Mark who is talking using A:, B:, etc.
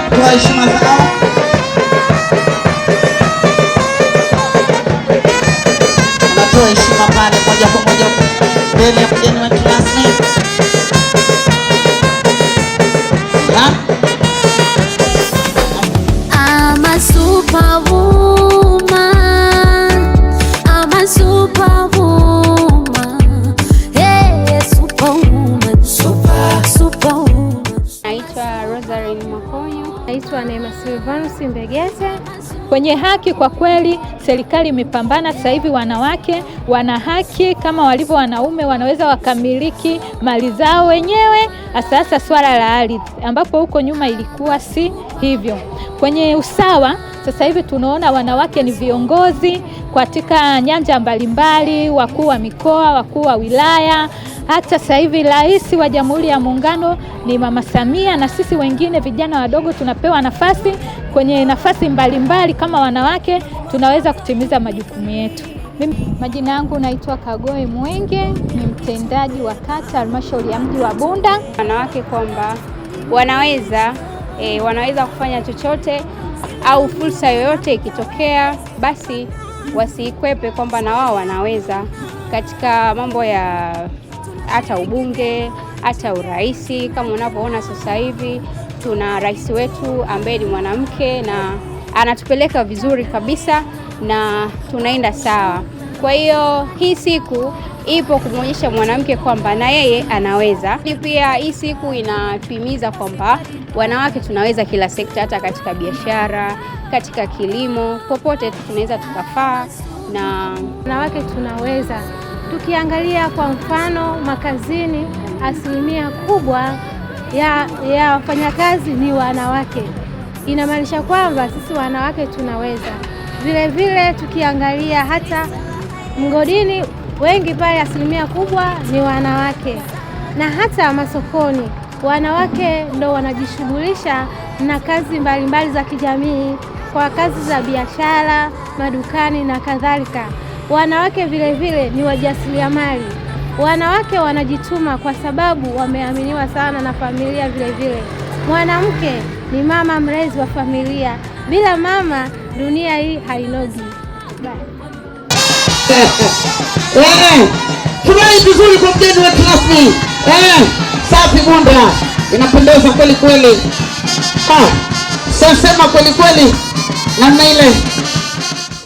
A: kwa heshima zao. Natoa heshima pale moja kwa moja mbele ya mgeni wetu rasmi.
B: Ama superwoman, ama superwoman
C: naitwa Neema Silvanus Mbegete.
D: Kwenye haki, kwa kweli serikali imepambana. Sasa hivi wanawake wana haki kama walivyo wanaume, wanaweza wakamiliki mali zao wenyewe, hasa swala la ardhi, ambapo huko nyuma ilikuwa si hivyo. Kwenye usawa sasa hivi tunaona wanawake ni viongozi katika nyanja mbalimbali, wakuu wa mikoa, wakuu wa wilaya hata sasa hivi Rais wa Jamhuri ya Muungano ni Mama Samia, na sisi wengine vijana wadogo tunapewa nafasi kwenye nafasi mbalimbali mbali, kama wanawake tunaweza kutimiza majukumu yetu.
C: Mimi majina yangu naitwa kagoe Mwenge, ni mtendaji wa kata halmashauri ya mji wa Bunda.
E: Wanawake kwamba wanaweza e, wanaweza kufanya chochote au fursa yoyote ikitokea, basi wasiikwepe kwamba na wao wanaweza katika mambo ya hata ubunge, hata uraisi. Kama unavyoona sasa hivi tuna rais wetu ambaye ni mwanamke na anatupeleka vizuri kabisa na tunaenda sawa. Kwa hiyo hii siku ipo kumwonyesha mwanamke kwamba na yeye anaweza. Pia hii siku inatuhimiza kwamba wanawake tunaweza kila sekta, hata katika biashara, katika kilimo, popote tunaweza tukafaa, na
F: wanawake tunaweza Tukiangalia kwa mfano makazini, asilimia kubwa ya, ya wafanyakazi ni wanawake. Inamaanisha kwamba sisi wanawake tunaweza vile vile. Tukiangalia hata mgodini, wengi pale asilimia kubwa ni wanawake, na hata masokoni wanawake ndo wanajishughulisha na kazi mbalimbali za kijamii, kwa kazi za biashara, madukani na kadhalika. Wanawake vile vile ni wajasiriamali. Wanawake wanajituma kwa sababu wameaminiwa sana na familia. Vile vile mwanamke ni mama mlezi wa familia, bila mama dunia hii hainogi.
A: Eh, eh. eh, Tunai vizuri kwa mgeni wetu rasmi. Safi bunda, inapendeza kweli kweli, ah, sasema kweli kweli namna ile.